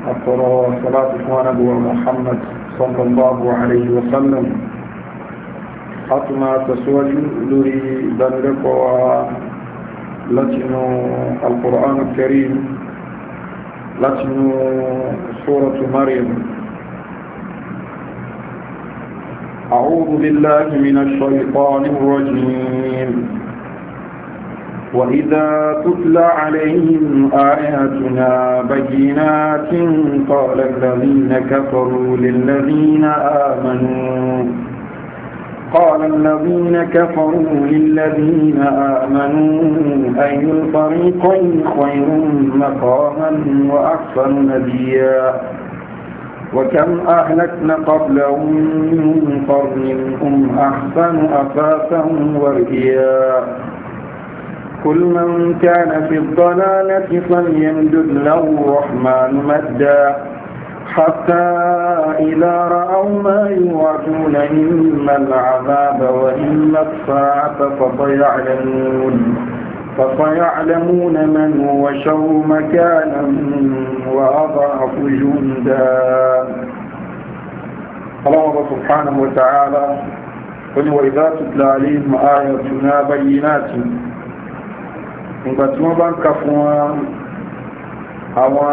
الصلاة والسلام نبينا محمد صلى الله عليه وسلم حتما تسوي لوري و لتن القرآن الكريم لتن سورة مريم أعوذ بالله من الشيطان الرجيم وإذا تتلى عليهم آياتنا بينات قال الذين كفروا للذين آمنوا قال الذين كفروا للذين آمنوا أي الفريقين خير مقاما وأحسن نبيا وكم أهلكنا قبلهم من قرن هم أحسن أساسا ورئيا كل من كان في الضلالة فليمدد له الرحمن مدا حتى إذا رأوا ما يوعدون إما العذاب وإما الساعة فسيعلمون فسيعلمون من هو شر مكانا وأضعف جندا الله سبحانه وتعالى قل وإذا تتلى عليهم آياتنا بينات nígbà tí wọ́n bá ń ka fún wọn àwọn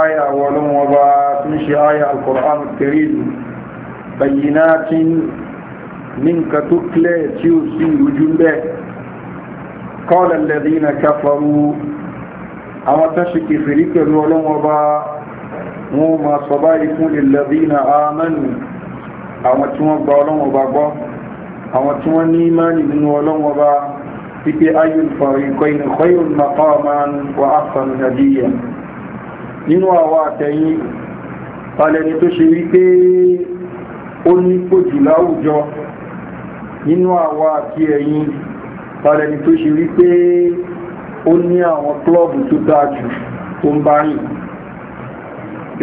àyà wọlọ́wọ́n bá tún ṣe àyà al-Qur'an al-Karim bayyinatin ní nǹkan tó kílẹ̀ tí ó sì rújú ń bẹ́ qala alladhina kafaru àwọn tàṣì kìfèrí pẹ̀lú ọlọ́wọ́n bá wọn ma sọ báyìí fún alladhina amanu àwọn tí wọ́n gba ọlọ́wọ́n bá gbọ́ àwọn tí wọ́n ní ìmánì wípé ayé ìfọ̀rọ̀ ìkọyìn khayrun maqaman wa ahsan nadiyya nínú àwọn àtẹ̀yìn palẹni tó ṣe wípé ó ní pòjù láwùjọ nínú àwọn àti ẹ̀yìn palẹni tó ṣe wípé ó ní àwọn klọ́ọ̀bù tó dájú tó ń bá yìn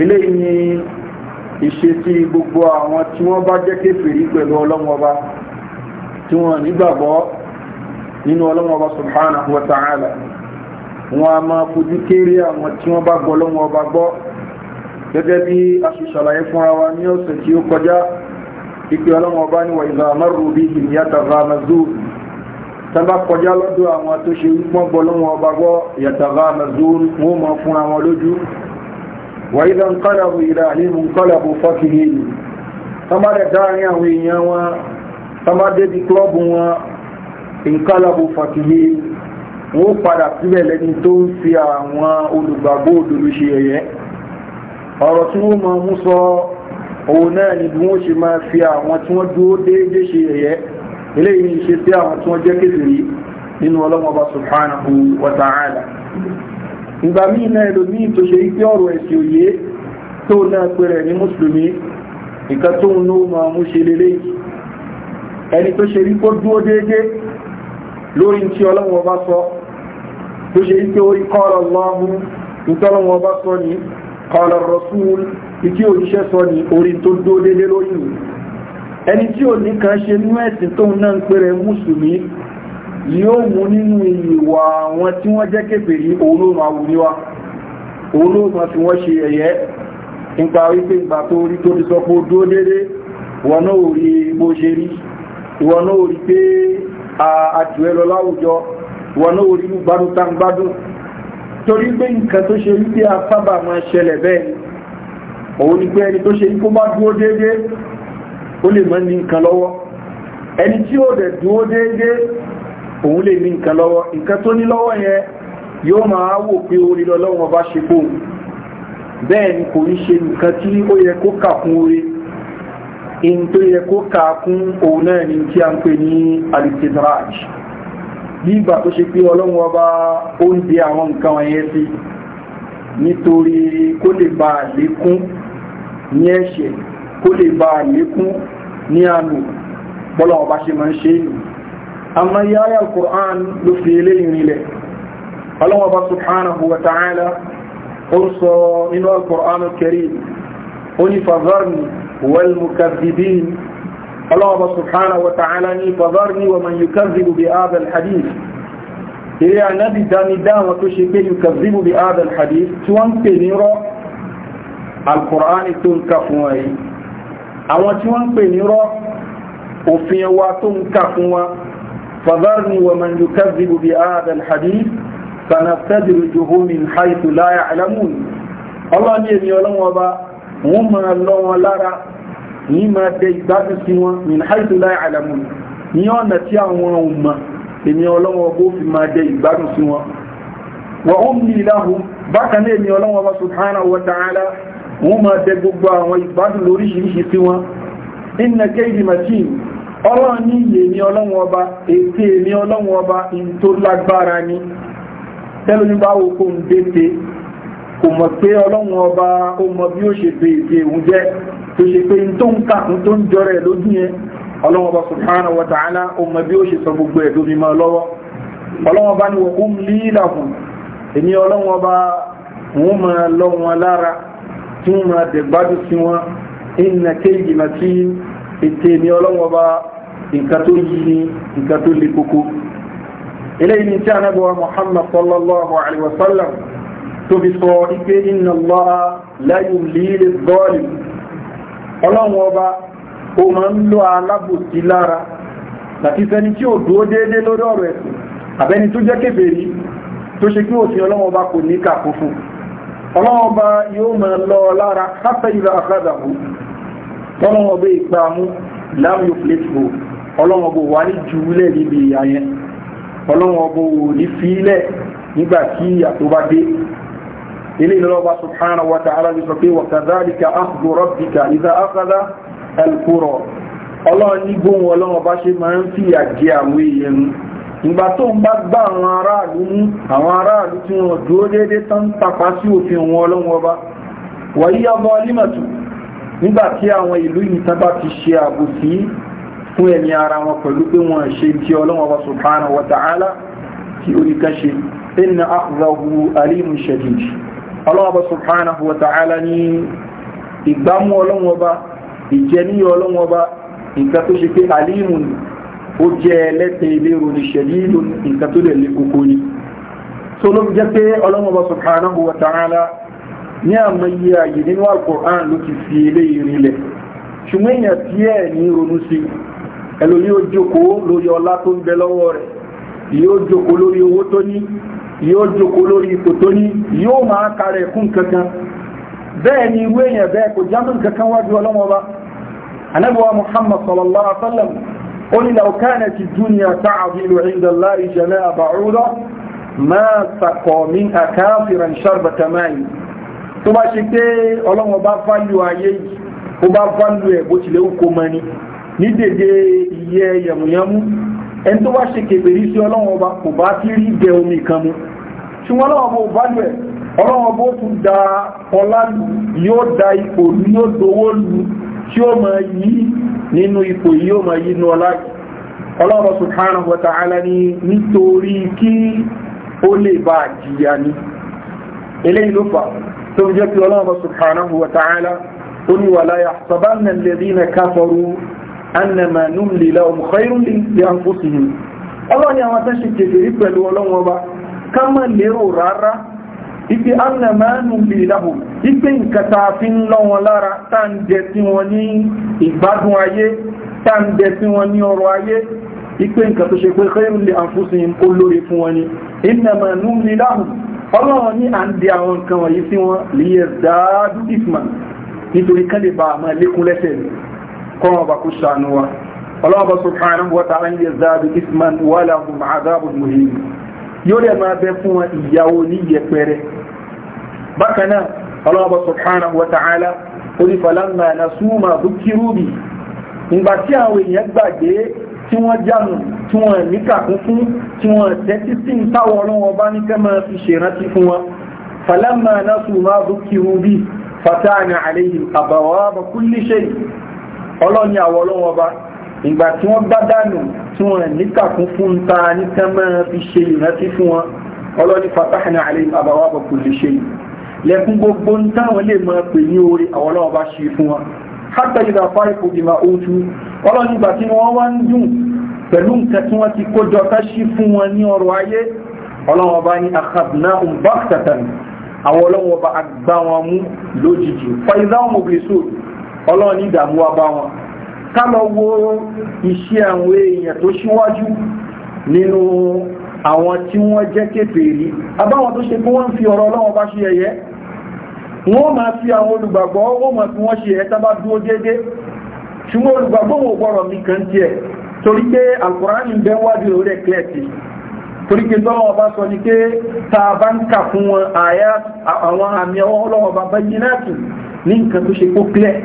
eléyìí ni ìṣe tí gbogbo àwọn tí wọ́n bá jẹ́ kéfèrí pẹ̀lú ọlọ́mọba tí wọ́n nígbàgbọ́ nínú ọlọ́wọ́n ọba subhanahu wa ta'ala wọn a máa fojú kéré àwọn tí wọ́n bá gbọ́ lọ́wọ́n ọba gbọ́ gẹ́gẹ́ bí a ṣe ṣàlàyé fúnra wa ní ọ̀sẹ̀ tí ó kọjá ìpè ọlọ́wọ́n ọba ní wa idha marru bihim yataghamazun tábà kọjá lọ́dọ̀ àwọn tó ṣe wípọ́n gbọ́ lọ́wọ́n ọba gbọ́ yataghamazun wọ́n máa fúnra wọn lójú wa idha nqalabu ila ìkálàbù fàkìyí wọ́n padà síbẹ̀ lẹ́ni tó ń fi àwọn olùgbàgbọ́ òdòdó ṣe ẹ̀yẹ́ ọ̀rọ̀ tí wọ́n máa mú sọ òun náà ni bí wọ́n ṣe máa fi àwọn tí wọ́n dúró déédéé ṣe ẹ̀yẹ́ eléyìí ní ṣe sí àwọn tí wọ́n jẹ́ kékeré nínú ọlọ́mọba subhanahu wa ta'ala ìgbà míì náà ẹlòmíì tó ṣe ike ọ̀rọ̀ ẹ̀sìn òye tó náà pèrè ní mùsùlùmí nǹkan tó ń máa mú ṣe lélẹ́yìí ẹni tó ṣe rí kó dúró déédéé lórí tí ọlọ́wọ́ bá sọ tó ṣe ike orí kọ́ọ̀lọ̀ lọ́hún ìtọ́lọ́wọ́ bá sọ ní kọ́ọ̀lọ̀ rọ̀súùl ìtí òṣìṣẹ́ sọ ní orí tó dó délé lórí nù ẹni tí ò ní kan ṣe nínú ẹ̀sìn tóun náà ń pèrè mùsùlùmí yóò mú nínú ìwà àwọn tí wọ́n jẹ́ kéferì olóòmà wùníwá olóòmà tí wọ́n ṣe ẹ̀yẹ́ nípa wípé ìgbà tó rí tó ti sọ pé ó dó délé ìwọ náà ò rí bó ṣe rí ìwọ náà ò rí pé àjò láwùjọ wọn náà orí gbádùn torí pé nǹkan tó ṣe wípé a sábà máa ṣẹlẹ̀ bẹ́ẹ̀ òun ni pé ẹni tó ṣe kó bá dúró déédéé ó lè máa ní nǹkan lọ́wọ́ ẹni tí ó dẹ̀ dúró déédéé òun lè ní nǹkan lọ́wọ́ nǹkan tó ní in tó yẹ kó kàákún òun náà ni tí a ń pè ní alistidraj bí ìgbà tó ṣe pé ọlọ́run ọba ó ń di àwọn nǹkan wọ̀nyẹn sí nítorí kó lè bá a lékún ní ẹ̀ṣẹ̀ kó lè bá a lékún ní àánú bọ́lá ọba ṣe máa ń ṣe èyí àmọ́ yá yá al-Qur'an ló fi eléyìn rinlẹ̀ ọlọ́run ọba subhanahu wa ta'ala ó sọ nínú al-Qur'an al-Karim ó ní fàzárni والمكذبين الله سبحانه وتعالى فذرني ومن يكذب بهذا الحديث إلى نبي داني دان يكذب بهذا الحديث توان بنيرو القرآن تون كفوي أو توان وفي واتون كفوا فذرني ومن يكذب بهذا الحديث سنستدرجه من حيث لا يعلمون الله يمي ولن وبا wọ́n máa lọ wọn lára yìí máa dé ìgbádùn sí wọn min haythu la ya'lamun ní ọ̀nà tí àwọn ọmọ èmi ọlọ́wọ́ bó fi máa dé ìgbádùn sí wọn wa umli lahum bákan náà èmi ọlọ́wọ́ bá subhanahu wa ta'ala wọ́n máa dẹ gbogbo àwọn ìgbádùn lóríṣiríṣi sí wọn inna kaydi matin ọlọ́run ní iye ní ọlọ́run ètè ní ọlọ́run ọba in tó lágbára ní tẹ́lómi bá wo kó ń dé kò mọ̀ pé ọlọ́run ọba ó mọ bí ó ṣe pé èdè òun jẹ́ tó ṣe pé tó ń kà ń tó ń jọrọ ẹ̀ lójú yẹn ọlọ́run ọba subhanahu wa ta'ala ó mọ bí ó ṣe sọ gbogbo ẹ̀ lómi mọ́ lọ́wọ́ ọlọ́run ọba ni wọ́n kún lílà fún èmi ọlọ́run ọba wọ́n mọ lọ lára tí wọ́n mọ dẹ̀gbájú sí wọn ìnà kéjì mà sí ètè èmi ọlọ́run ọba nǹkan tó yí ni nǹkan tó le koko eléyìí ni tí a Muhammad sallallahu alaihi wa sallam tóbi sọ ipé iná lọ́ra lẹ́yìn líle bọ́ọ̀lì ọlọ́run ọba ó máa ń lọ alábòsí lára láti fẹni tí ó dúó déédé lórí ọ̀rọ̀ ẹ̀sìn àbẹ́ni tó jẹ́ kébèrè tó ṣe kí òfin ọlọ́run ọba kò ní kà fún fún ọlọ́run ọba yóò máa lọ lára káfẹ́ ìlà àkàdàbò ọlọ́run ọba ìpamú láàmú plẹ̀tìbò ọlọ́run ọba wà ní jùúlẹ̀ níbi ìyá yẹn ọlọ́run ọba ò ní fílẹ̀ nígbà tí ìyà bá dé ilé ìlọ́ba subhanahu wa ta'ala ní sọ pé wa kadhalika akhdhu rabbika idha akhadha al-qura ọlọ́run ní gbóhùn ọlọ́run bá ṣe máa ń fìyà jẹ àwọn èèyàn ìgbà tó ń bá gbá àwọn aráàlú mú àwọn aráàlú tí wọ́n dúró déédéé tán tapá sí òfin wọn ọlọ́run ọba wàyí ọba ọlímọ̀tù nígbà tí àwọn ìlú ìtàn bá ti ṣe àbòsí fún ẹ̀mí ara wọn pẹ̀lú pé wọ́n ṣe ti ọlọ́run ọlọ́wọ́ba subhanahu wa ta'ala ní ìgbámú ọlọ́wọ́ba ìjẹníyọ ọlọ́wọ́ba nǹkan tó ṣe pé alimu ó jẹ́ ẹlẹ́tẹ̀ ìlérò ní ṣẹ̀lílù nǹkan tó lè lé kókó ni tó ló jẹ́ pé ọlọ́wọ́ba subhanahu wa ta'ala ní àmọ́yé àyè nínú al ló ti fi eléyìí rinlẹ̀ ṣùgbọ́n èèyàn tí ẹ̀ ní ronú sí ẹlòmí ó jókòó lórí ọlá tó ń bẹ lọ́wọ́ rẹ̀ yóò jókòó lórí owó tó ní yóò jókòó lórí ipò tó ní yóò máa kààrẹ̀ fún kankan bẹ́ẹ̀ ni ìwé yẹn bẹ́ẹ̀ kò jámù kankan wájú ọlọ́mọba anábọ̀wá muhammad sallallahu alaihi wasallam ó ní law kanati dunya ta'dilu 'inda Allahi janaha ba'uda ma saqa minha kafiran sharbata ma'i tó bá ṣe pé ọlọ́mọba ẹni tó bá ṣe kèbèrè sí ọlọ́wọ́n ọba kò bá tí rí jẹ omi kan mú tí wọ́n lọ́wọ́ bó bá lẹ̀ ọlọ́wọ́n bó tún da ọlá lù yóò da ipò lù yóò dowó lù tí ó máa yí nínú ipò yìí ó máa yí nínú ọlá ọlọ́wọ́ subhanahu wa ta'ala ni nítorí kí ó lè bá jìyà ni eléyìí ló fà tó fi jẹ́ pé ọlọ́wọ́ subhanahu wa ta'ala ó ní wala yahsabanna alladhina kafaru annama numli lahum khayrun li anfusihim ọlọ́run ni àwọn tẹ́ṣe kèfèrí pẹ̀lú ọlọ́run ọba ká má lérò rárá ipe annama numli lahum ipe nǹkan tá a fi ń lọ wọn lára tá ń jẹ sí wọn ní ìgbádùn ayé tá ń jẹ sí wọn ní ọrọ̀ ayé ipe nǹkan tó ṣe pé khayrun li anfusihim kó lóore fún wọn ni innama numli lahum ọlọ́run ní à ń di àwọn nǹkan wọ̀nyí sí wọn liyazdaadu ithman nítorí kán lè ba àmọ́ lékún lẹ́sẹ̀ rẹ̀ kọ́nà ọba kó ṣàánú wa ọlọ́ọ̀bọ̀ subhanahu wa ta'ala yẹ záàbì isman wa lahum adhabun muhin yóò dẹ̀ máa bẹ fún wọn ìyàwó ní yẹpẹrẹ bákan náà ọlọ́ọ̀bọ̀ subhanahu wa ta'ala ó ní falamma nasuma dhukiru bi ìgbà tí àwọn èèyàn gbàgbé tí wọ́n jánu tí wọ́n níkàkún fún tí wọ́n tẹ́tí sí ń táwọn ọlọ́wọ́ bá ní kẹ́mọ́ fi ṣèrántí fún wọn falamma nasu ma dhukiru bi fatahna alayhim abwaaba kulli shay ọlọ́ni àwọ̀ ọlọ́wọ́ ọba ìgbà tí wọ́n bá dànù tí wọ́n níkàkún fún ta ní tẹ́mọ́ fi ṣe ìrántí fún wọn ọlọ́ni fatahna alayhim abwaaba kulli shay lẹ́kún gbogbo ń táwọn lè máa pè ní orí àwọn ọlọ́wọ́ bá ṣe fún wọn hatta idha fariqu bima utu ọlọ́ni ìgbà tí wọ́n wá ń dùn pẹ̀lú nǹkan tí wọ́n ti kójọ ká ṣí fún wọn ní ọrọ̀ ayé ọlọ́wọ́ bá ní akhadnahum baghtatan àwọn ọlọ́wọ́ bá agbá wọn mú lójijì fa idha hum mublisun ọlọ́run ní ìdààmú wa bá wọn ká lọ wo iṣẹ́ àwọn èèyàn tó ṣíwájú nínú àwọn tí wọ́n jẹ́ kéfèèrí abáwọn tó ṣe pé wọ́n ń fi ọ̀rọ̀ ọlọ́run bá ṣe ẹ̀yẹ wọ́n máa fi àwọn olùgbàgbọ́ wọ́n máa fi wọ́n ṣe ẹ̀yẹ tábá dúró déédé ṣùgbọ́n olùgbàgbọ́ wọn gbọ́rọ̀ mi kan tiẹ̀ torí pé alkùránì bẹ́ wájú lórí ẹ̀kẹ́ẹ̀tì torí pé tọ́lọ́wọ́ bá sọ ní pé tá a bá ń kà fún àwọn àmì ọlọ́wọ́ bá bá yín náà ni nǹkan tó ṣe kó clear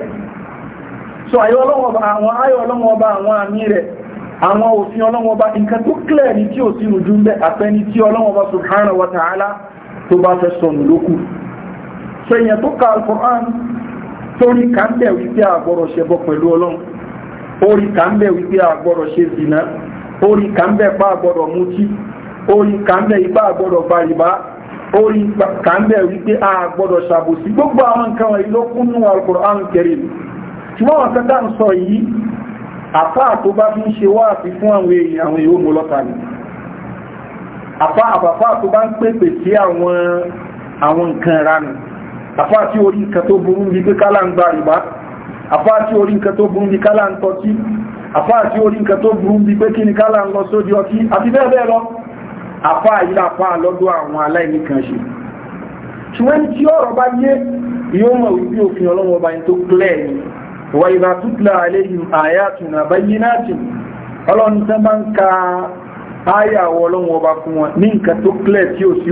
so àyọ ọlọ́wọ́ ọba àwọn ayọ ọlọ́wọ́ ọba àwọn àmì rẹ̀ àwọn òfin tó clear ní tí ò sí rújú ń bẹ́ tí ọlọ́wọ́ ọba wata wa tó bá fẹ́ sọnù lókù tó ka al kà ń bẹ̀ wípé àgbọ̀rọ̀ ṣe bọ́ pẹ̀lú ọlọ́run kà ń bẹ̀ wípé àgbọ̀rọ̀ ṣe orí kàńbẹ̀ wípé a gbọ́dọ̀ ṣàbòsí gbogbo àwọn nǹkan wọ̀nyí ló kún nínú Al-Qur'an Karim ṣùgbọ́n wọn kan dáhùn sọ yìí àfá tó bá fi ń ṣe wá àti fún àwọn èèyàn àwọn èèyàn mọ́lọ́ta ni àfá àbàfá tó bá ń pèpè sí àwọn àwọn nǹkan ránù àfá tí orí nǹkan tó burú bí kálá ń gba ìbá àfá tí orí nǹkan tó burú bí kálá ń tọ́tí àfá tí orí nǹkan tó burú bí pé kí kálá ń lọ sódì ọtí àti bẹ́ẹ̀ bẹ́ẹ̀ lọ apá yìí apá lọ́dọ̀ àwọn aláìní kan ṣe ṣùgbọ́n tí ọ̀rọ̀ bá yé yóò mọ̀ wípé òfin ọlọ́wọ́ bá tó clear ni wa ìgbà tútùlà àlẹ́yìn àyàtùn àbáyínátùn ọlọ́run tẹ́ máa ń ka áyàwó ọlọ́run ọba fún wọn ní nǹkan tó clear tí ó sì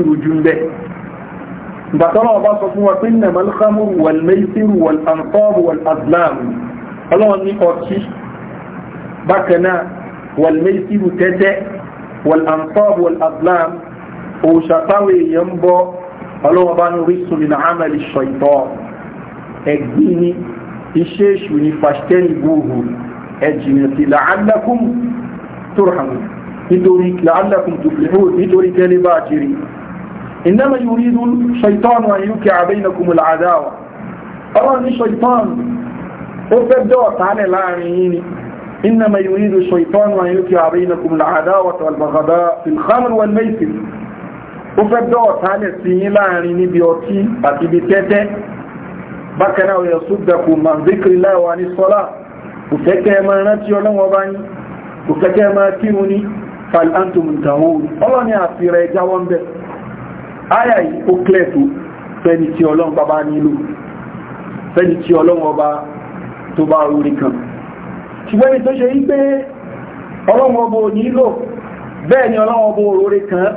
malhamu walmeisiru walanfọ́rù walaslam ọlọ́run ní ọtí bákan والأنصاب والأظلام وشطاوي ينبو ọlọ́wọ́ bá ní orísun ní àmàlì ṣọ̀ìtọ́ ẹ̀gbìn ní iṣẹ́ èṣù ní fàṣtẹ́lì gbòòrò ẹ̀jìnà sí làálàkùn tó ràmù nítorí làálàkùn tó fi hó nítorí tẹ́lẹ̀ bá jìrì ìnáma yóò rí ìlú ṣọ̀ìtọ́nù àyíkẹ́ àbẹ́yìnàkùn mùlàádáwà ọlọ́run ní ṣọ̀ìtọ́nù ó fẹ́ dọ́ọ̀tálẹ̀ láàrin yìí إنما يريد الشيطان أن يوقع بينكم العداوة والبغضاء في الخمر والميسر ó fẹ́ dọ́ ọ̀tá lẹ̀ sí yín láàrin níbi ọtí àti ibi tẹ́tẹ́ bákan náà yẹ súgbàkù máa zikiri láwà ní sọ́lá kò fẹ́kẹ́ máa rántí ọlọ́wọ́ bá yín kò fẹ́kẹ́ máa kírun ní falantumtahu ọlọ́ni àfihàn ẹja wọ́n bẹ̀ áyà yìí ó kílẹ̀tù fẹ́ni tí ọlọ́wọ́ bá nílò fẹ́ni tí ọlọ́wọ́ bá tó bá orí kan ṣùgbọ́n ní tó ṣe yí pé ọlọ́run ọbọ̀ nílò bẹ́ẹ̀ ni ọlọ́run ọbọ̀ òróré kan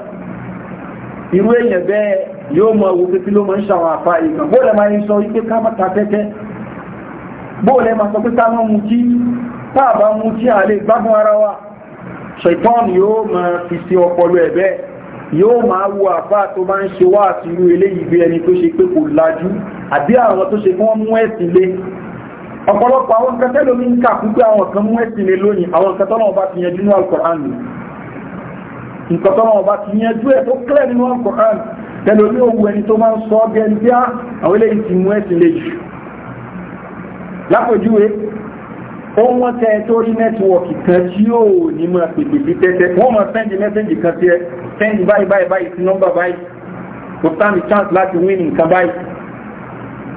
irú èèyàn bẹ́ẹ̀ yóò mọ owó pípí ló máa ń ṣàwọn àpá ìgbọ̀n bóòlẹ̀ wa ṣẹ̀tọ́n yóò máa fi sí ọpọlọ ẹ̀ bẹ́ẹ̀ yóò máa wo àpá tó bá ń ṣe wá àti irú eléyìí bí ẹni tó ṣe pé kò lajú àbí àwọn tó ṣe fún wọn ẹ̀sìn lé ọ̀pọ̀lọpọ̀ àwọn nǹkan tẹ́lò ní ká púpẹ́ àwọn kan mú ẹ̀sìn lè lónìí àwọn nǹkan tọ́nà ọba ti yẹjú ní alkọ̀án nǹkan tọ́nà ọba ti yẹjú ẹ̀ tó kílẹ̀ nínú alkọ̀án tẹ́lò ní owó ẹni tó máa ń sọ bí ẹni bí ah, àwọn eléyìí ti mú ẹ̀sìn lè jù lápòjúwe ohun wọn tẹ torí nẹ́tíwọ̀kì kan tí yóò ní máa pèpè sí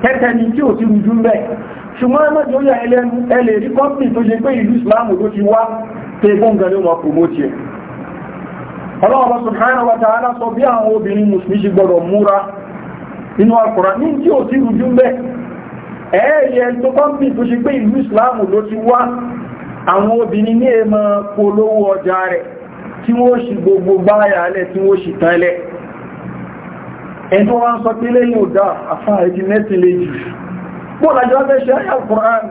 tẹ́tẹ́ ni tí ò sí rújú bẹ́ẹ̀ ṣùgbọ́n ẹ onye yà ẹlẹ́nu lè rí kọ́mpì tó ṣe pé ìlú Islam ló ti wá pé fún gan ló mọ̀ promote ẹ̀ Allah subhanahu wa ta'ala sọ bí àwọn obìnrin mùsùlùmí ṣe gbọ́dọ̀ múra inú akọ̀rọ̀ ní tí ò sí rújú mẹ́ ẹ̀ẹ́yẹ tó kọ́mpì tó ṣe pé ìlú ti wá àwọn obìnrin ní polówó ọjà rẹ̀ tí wọ́n ṣì gbogbo tí wọ́n ṣì tán lẹ̀ ẹni tó wá sọ pé lẹ́yìn ò bó lajọ fẹ́ ṣe ayé alukur'an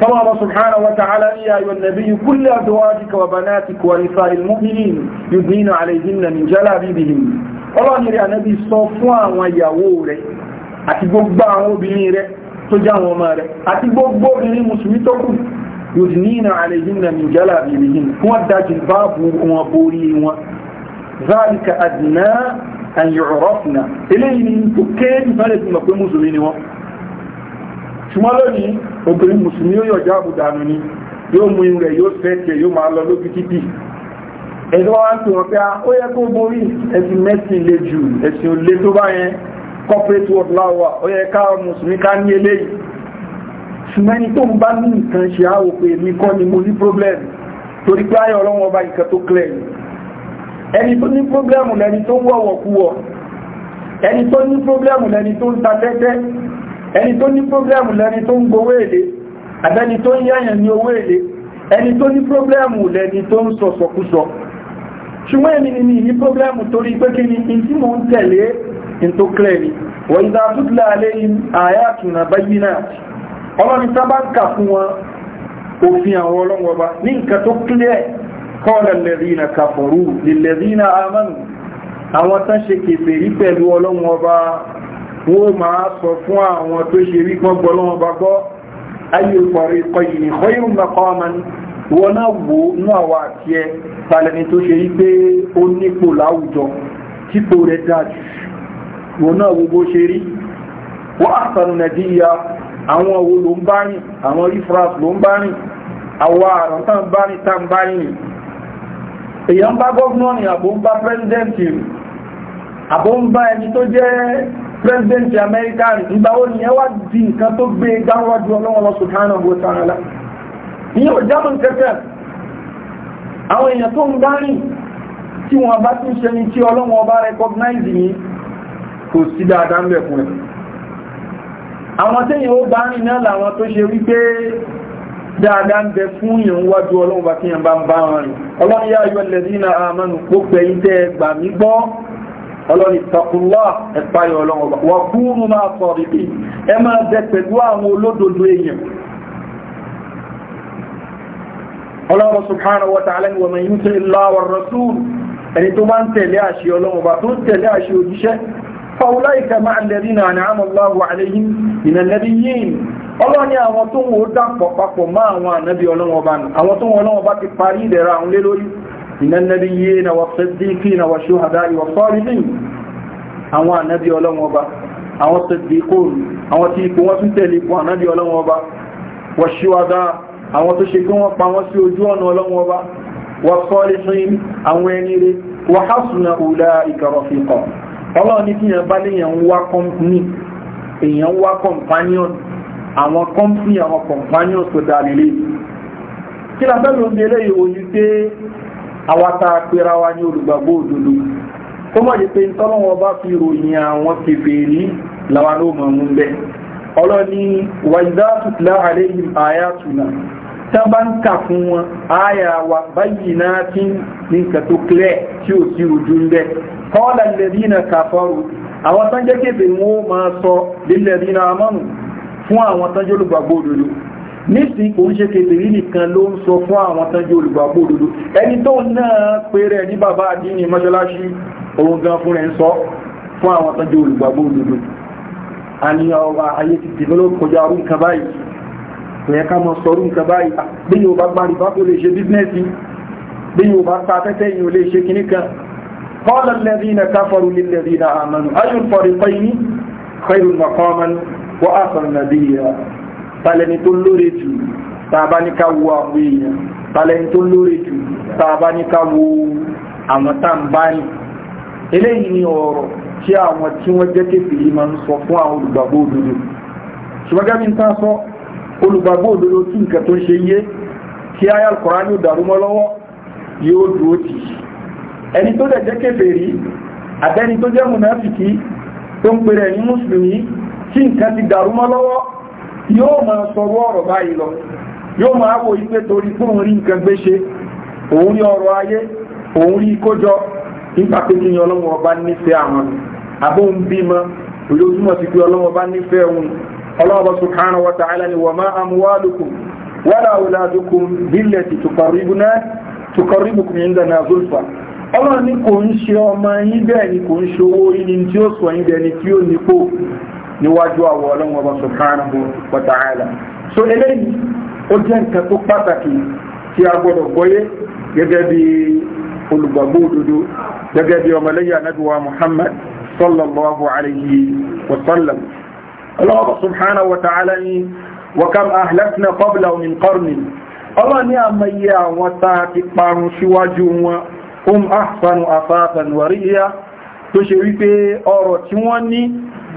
tọ́wọ́ ọmọ subhanahu wa ta'ala ní ayọ̀ nàbí yìí kulli azwajika wa banatika wa nisa'i al-mu'minin yudnina alayhinna min jalabibihin ọlọ́run rẹ̀ ànábì sọ fún àwọn ìyàwó rẹ̀ àti gbogbo àwọn obìnrin rẹ̀ tó já wọn ọmọ rẹ̀ àti gbogbo obìnrin mùsùlùmí tó kù yudnina alayhinna min jalabibihin wọ́n dájú báàbù wọn borí wọn zalika adna an yu'rafna eléyìí ni tó kéèdì fẹ́rẹ̀ fún mọ̀ pé mùsùlùmí ni wọ́n ṣùgbọ́n lónìí obìnrin mùsùlùmí yóò yọjọ́ àbùdànù ni yóò mú irun rẹ̀ yóò fẹ́ẹ̀kẹ́ yóò máa lọ lóbi títì ẹ̀dọ́ wá ń pè wọ́n pé ah, ó yẹ kó borí ẹ̀sìn mẹ́sìn le jù ẹ̀sìn olè tó bá yẹn corporate world ẹni tó ní nǹkan ni mo problem torí pé ayọ̀ ọlọ́wọ́n ọba nǹkan tó clear problem lẹni tó ń wọ̀wọ̀ kú wọ ẹni tó ní problem lẹni tó ń ta tẹ́tẹ́ ẹni tó ní pọ́blẹ́mù lẹ́ni tó ń gbowó èlé àbẹ́ni tó ń yáyàn ní owó èlé ẹni tó ní pọ́blẹ́mù lẹ́ni tó ń sọ̀sọ̀kúsọ ṣùgbọ́n èmi ni ní pọ́blẹ́mù torí pé kí ni tí mo ń tẹ̀lé tó kílẹ̀ ni wọ́n ìdá tútùlẹ̀ alẹ́ àyàtùnà báyínà ọlọ́run sábà ń kà fún wọn òfin àwọn ọlọ́wọ́ bá ní nǹkan tó kílẹ̀ kọ́ọ̀lẹ̀ lẹ́rìnà kàfọ̀rú lẹ́rìnà àmánù àwọn tán ṣe kèfèrí pẹ̀lú ọlọ́wọ́ wọ́n máa sọ fún àwọn tó ṣe rí gbọ́n gbọ́ lọ́wọ́ bá gbọ́ ayé ìpàrí kọyìn ní kọyìn maqaman wọn náà wò ní àwọn àti ẹ tàlẹ́ni tó ṣe rí pé ó nípò láwùjọ típò rẹ̀ dájú wọn náà wo bó ṣe rí wọ́n àtàrù nàìjíríà àwọn owó ló ń bá rìn àwọn rífras ló ń bá rìn àwọn àrùn tá ń bá rìn tá ń bá rìn èèyàn bá gọ́ọ̀nà ni àbò ń bá pẹ́sidẹ́ǹtì àbò ń bá ẹni tó jẹ́ president America ìgbà wo nìyẹn di nǹkan tó gbé dáwọ́jú e ọlọ́wọ́ lọ subhanahu wa ta'ala ìyẹn ò jámọ̀ kẹ́kẹ́ àwọn èèyàn tó ń dárìn tí wọ́n bá tún ṣe ní tí ọlọ́wọ́ bá recognize yìí kò sí dáadáa ń bẹ̀ fún ẹ̀ àwọn tẹ́yìn ó bá rìn náà làwọn tó ṣe wípé dáadáa ń bẹ ọlọ́ni tọkùnlá ẹ̀páyọ̀ ọlọ́ọ̀bá wà kúrú máa sọ̀rọ̀ ìpín ẹ máa jẹ pẹ̀lú àwọn olódodo èèyàn ọlọ́ọ̀bá subhanahu wa ta'ala ni wa man yuti illaha war rasul ẹni tó bá ń tẹ̀lé àṣẹ ọlọ́ọ̀bá tó tẹ̀lé àṣẹ òjíṣẹ́ فأولئك مع الذين أنعم الله عليهم من النبيين ọlọ́ni àwọn tó ń wò dápọ̀ papọ̀ mọ́ àwọn ànábì ọlọ́wọ́ من النبيين والصديقين والشهداء والصالحين àwọn ànábí ọlọ́wọ́ ọba àwọn sẹ̀dìkóòrù àwọn tí ikú wọ́n tún tẹ̀lé ikú ànábí ọlọ́wọ́ ọba wọ̀ṣíwádá àwọn tó ṣe kí wọ́n pa wọ́n sí ojú ọ̀nà ọlọ́wọ́ ọba wọ̀sọ́lẹ́sìn àwọn ẹni rẹ̀ wàhásùnà òlà ìkàrọ̀fìkọ̀ ọlọ́run ní kíyàn bá léèyàn wá kọ́mpínì èèyàn wá kọ̀mpánìọ̀n àwọn kọ́mpínì àwọn kọ̀mpánìọ̀n tó dà lélẹ̀ kí la fẹ́ lóun bí eléyìí ojú pé Awata tá a pera wa ní olùgbàgbọ́ òdodo tó mọ̀ jẹ́ pé tọ́lọ́wọ́ bá fi ròyìn àwọn kèfèrí làwọn ló mọ̀ mú bẹ́ ọlọ́ni wàìdá tutla alayhim ayatuna tá bá ń kà fún wọn àyà wa bayyinatin ní nǹkan tó clear tí ò sí ojú ń bẹ́ qala alladhina kafaru àwọn tán jẹ́ kèfèrí wọn ó máa sọ lilladhina amanu fún àwọn tán jẹ́ olùgbàgbọ́ òdodo nísìnyí kò ń ṣe kèfèrí nìkan ló ń sọ fún àwọn tán jẹ́ olùgbàgbọ́ òdodo ẹni tó náà pèrè ní bàbá àdínì mọ́ṣáláṣí òun gan fún rẹ̀ ń sọ fún àwọn tán jẹ́ olùgbàgbọ́ òdodo àníyàn ọba ayé ti dì ló kọjá orú nǹkan báyìí kò yẹ ká mọ sọ orú nǹkan báyìí ah, bí yóò bá gba rìbá kó lè ṣe bísínẹ́sì bí yóò bá ta afẹ́fẹ́ yìí ò lè ṣe kinní kan qala alladhina kafaru lilladhina amanu ayu al-fariqayni khayrun maqaman wa ahsanu nadiyya tàlẹ́ni tó lóore jù tàbá ní ká wo àwọn èèyàn tàlẹ́ni tó lóore jù tàbá ní ká wo àwọn tàbáyìn eléyìí ni ọ̀rọ̀ tí àwọn tí wọ́n jẹ́ kéfìrí máa ń sọ fún àwọn olùgbàgbọ́ òdodo ṣùgbọ́n mi ta sọ olùgbàgbọ́ òdodo tí nǹkan tó ń ṣe yé tí ayé alukọ̀rá yóò dàrú mọ́ lọ́wọ́ yóò dúró tì ẹni tó dẹ̀ jẹ́ kéfìrí àbẹ́ni tó jẹ́ mùnáfìkì tó ń pèrè ní mùsùlùmí tí nǹkan ti dàrú mọ́ lọ́wọ́ yóò ma sọ̀rọ̀ ọ̀rọ̀ báyìí lọ yóò ma wò ipé torí fún orí nǹkan gbé ṣe òun rí ọrọ̀ ayé òun rí kójọ nípa pé kí ni ọlọ́wọ́ ọba nífẹ̀ẹ́ àwọn abóhùn bímọ olóòtúmọ̀ sí pé ọlọ́wọ́ ọba nífẹ̀ẹ́ òun ọlọ́wọ́ subhanahu wa ta'ala ni wa ma amwalukum wala auladukum billati tuqarribuna tuqarribukum indana zulfa ọlọ́run ni kò ń ṣe ọmọ yín bẹ́ẹ̀ ni kò ń ṣe owó yín ni tí ó sọ yín bẹ́ẹ̀ ni tí níwájú àwọn ọlọ́run ọba subhanahu wa so eléyìí ó jẹ́ nǹkan tó pàtàkì tí a gbọ́dọ̀ gbọ́yé gẹ́gẹ́ bí olùgbàgbọ́ òdodo gẹ́gẹ́ bí ọmọlẹ́yìn anábíwá muhammad sallallahu alayhi wa sallam ọlọ́run subhanahu wa ta'ala ni wa kam ahlakna tó ṣe wípé ọ̀rọ̀ tí wọ́n ní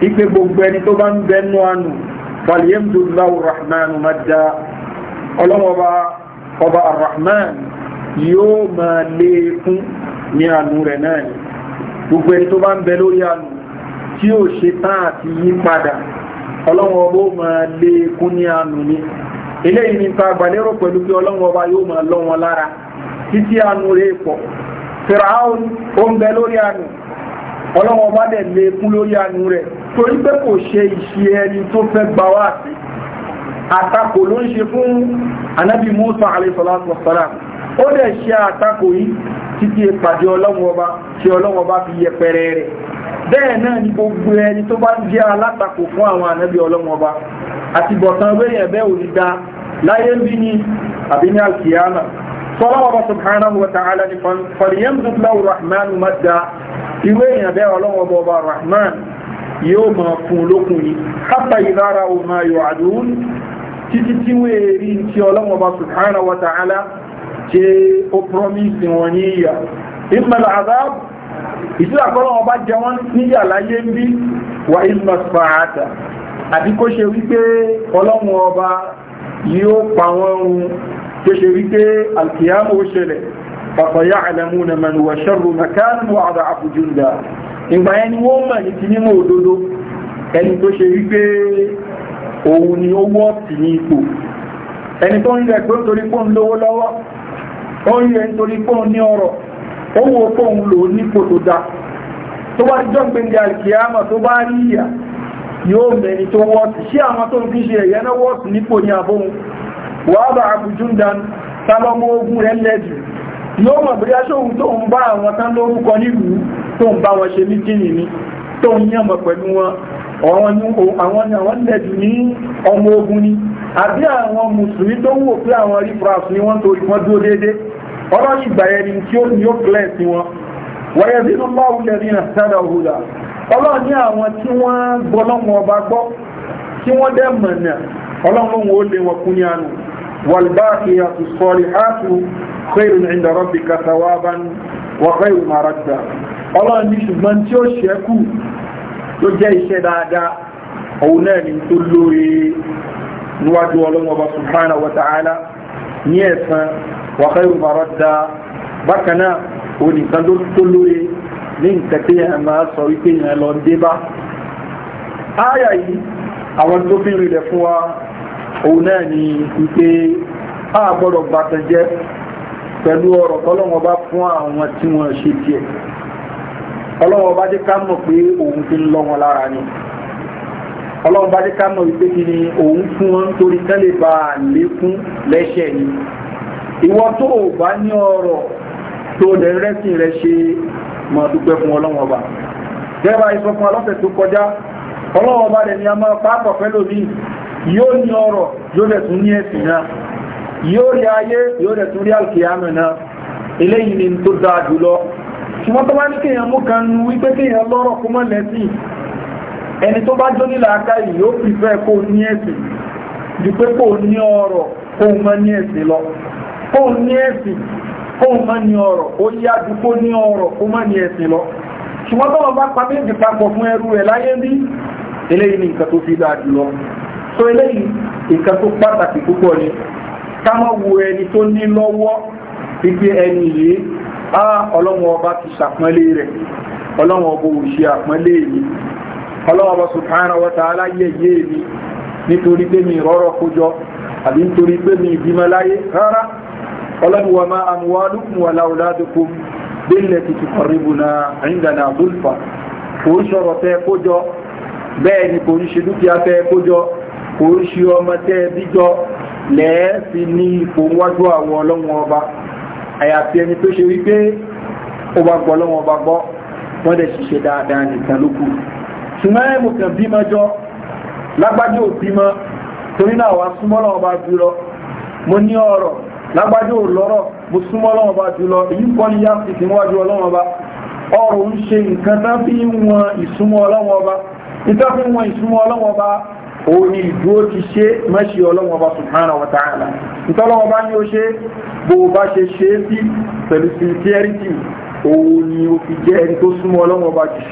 ipe gbogbo ẹni tó bá ń bẹnu ànú falyamdulillahi rahman madda ọlọ́mọba ọba arrahman yóò máa lé e fún ní ànú rẹ̀ náà ni gbogbo ẹni tó bá ń bẹ lórí ànú tí ó ṣe tán àti yí padà ọlọ́mọba ó máa lé e fún ní ànú ni eléyìí ni ta pẹ̀lú pé ọlọ́mọba yóò máa lọ́ wọn lára títí ànú rẹ̀ pọ̀ fìràáhùn ó ń bẹ lórí ànú ọlọ́mọba dẹ̀ lé e fún lórí ànú rẹ̀ torí pé kò ṣe ìṣe ẹni tó fẹ́ gbà wá sí àtakò ló ń ṣe fún anábì Musa alaihissalatu wassalam ó dẹ̀ ṣe àtakò yìí títí ìpàdé ọlọ́run ọba ṣe ọlọ́run ọba fi yẹpẹrẹ rẹ̀ bẹ́ẹ̀ náà ni gbogbo ẹni tó bá ń jẹ́ alátakò fún àwọn ànábì ọlọ́run ọba àti bọ̀tán wẹ́yìn ẹ̀bẹ́ ò ní da láyé ń ni fọlìyàn dúdú láwù rahman madda ìwé ìyàbẹ́ ọlọ́run ọba rahman yóò máa fún lókun ni kápá ìlara ò máa yọ àdúrún títí tí wọ́n èrí tí ọlọ́mọba subhanahu wa ta'ala ṣe ó promise wọn ní ìyà ìmọ̀lá azab ìtura kọ́lọ́wọ́ bá jẹ wọ́n níyà láyé ń bí wà ìmọ̀ sàáta àti kó ṣe wípé ọlọ́run yóò pa wọ́n run tó ṣe wípé alkiyama ṣẹlẹ̀ pàtàkì àlẹ́mú na wà ṣẹ́rù mẹ́kánù àdá àfujúndà ìgbà yẹn ni wọ́n mọ̀ ní ti mímọ̀ òdodo ẹni tó ṣe òun ni ó wọ́ tì ní ipò ẹni tó ń rẹ̀ pé ó torí pọ́n lówó lọ́wọ́ ó ń rẹ̀ nítorí pọ́n ní ọrọ̀ ó da tó bá jọ́ gbẹ̀ngẹ̀ àkíyàmọ̀ tó bá rí ìyà yóò mẹ́ni tó wọ́tí sí àwọn tó ń fi ṣe ẹ̀yẹ́ náà wọ́tí nípò ní àbóhun wà bá ogun rẹ̀ lẹ́jù yóò tó ń bá wọn ṣe mítìnì ni tó ń yànmọ̀ pẹ̀lú wọn ọ̀rọ̀ ni àwọn ni àwọn lẹ́dù ní ọmọ ogun ni àbí àwọn mùsùlùmí tó wò pé àwọn rí france ni wọ́n torí wọn dúró déédéé ọlọ́run ìgbà yẹn ni tí ó ní ó kílẹ̀ sí wọn wọ́yẹ̀ sínú báwo lẹ́rìn náà sádà òhùlà ọlọ́run ní àwọn tí wọ́n gbọ́ ọba gbọ́ tí wọ́n dẹ́ mọ̀nà ọlọ́run ó lé wọn kú ní àná والباقيات الصالحات خير عند ربك ثوابا وخير مردا ọlọ́run ní ṣùgbọ́n tí ó ṣẹ́kù tó jẹ́ iṣẹ́ dáadáa òun náà ni tó lórí níwájú ọlọ́run ọba subhanahu wa ta'ala ní ẹ̀san wa khayru maradda bákan náà òun nìkan tó lórí ní nǹkan tí yẹn máa sọ wípé yẹn ọlọ́wọ́ bá jẹ́ ká mọ̀ pé òun ti ń lọ wọn lára ni ọlọ́wọ́ bá jẹ́ ká mọ̀ wípé kí ni òun fún wọn torí tẹ́lẹ̀ bá a lékún lẹ́ṣẹ̀ ni ìwọ tó o bá ní ọrọ̀ tó lè rẹ́sìn rẹ ṣe mọ̀ dúpẹ́ fún ọlọ́wọ́ bá gẹ́gẹ́ bá fún ọlọ́sẹ̀ tó kọjá ọlọ́wọ́ bá rẹ̀ ni a máa pàápàá pẹ́lú mi yóò ní ọrọ̀ yóò dẹ̀ tún ní ẹ̀sìn náà yóò rí ayé yóò dẹ̀ tún rí àlùkìyàmẹ̀ náà eléyìí ni tó dáa jùlọ ṣùgbọ́n tó bá ní kéèyàn mú kan nu wípé kéèyàn lọ́rọ̀ kó mọ́ lẹ́sìn ẹni tó bá jó nílà aká yìí ó fi fẹ́ kó ní ẹ̀sìn ju pé kó ní ọ̀rọ̀ kó mọ́ ní ẹ̀sìn lọ kó ní ẹ̀sìn kó mọ́ ní ọ̀rọ̀ ó yá ju kó ní ọ̀rọ̀ kó mọ́ ní ẹ̀sìn lọ ṣùgbọ́n tó bá pa méjì papọ̀ fún ẹrú rẹ̀ láyé bí eléyìí ni nǹkan tó fi dáa jùlọ so eléyìí nǹkan tó pàtàkì púpọ̀ ni ká má wo ẹni tó ní lọ́wọ́ fi gbé ẹni yìí á ah, ọlọ́wọ́n ọba ti ṣàpọ́nlé rẹ̀ ọlọ́wọ́n ọba ò ṣe àpọ́nlé mi ọlọ́wọ́n ọba subhanahu wa ta'ala yẹ̀yẹ́ mi nítorí pé mi rọ́rọ̀ kójọ àbí nítorí pé mi ìbímọ láyé rárá ọlọ́wọ́n wa ma amwalukum wala auladukum billati tuqarribuna indana zulfa kò ń sọ̀rọ̀ tẹ́ kójọ bẹ́ẹ̀ ni kò ń ṣe dúkìá tẹ́ kójọ kò ń ṣe ọmọ tẹ́ bíjọ lẹ́ẹ̀sì ní ipò wájú àwọn ọlọ́wọ́n ọba àyàfi ẹni tó ṣe wípé ó bá gbọ́ lọ́wọ́ bá gbọ́ wọ́n dẹ̀ ṣiṣẹ́ dáadáa nìkan ló kù ṣùgbọ́n ẹ̀mù kan bímọ jọ lágbájá ò bímọ torí náà wá súnmọ́ lọ́wọ́ bá jù lọ mo ní ọ̀rọ̀ lágbájá ò lọ́rọ̀ mo súnmọ́ lọ́wọ́ bá jù lọ èyí kọ́ ni yáàfi ti wájú ọlọ́wọ́ bá ọ̀rọ̀ ń ṣe nǹkan tán fi ń wọn ìsúnmọ́ ọlọ́wọ́ bá òun ni ìdúró ti ṣe mẹ́ṣe ọlọ́run ọba subhanahu wa ta'ala ìtọ́lọ́run ọba ní ó ṣe bó bá ṣe ṣe é sí pẹ̀lú sincerity òun ni ó fi jẹ́ ẹni tó súnmọ́ ọlọ́run ọba jù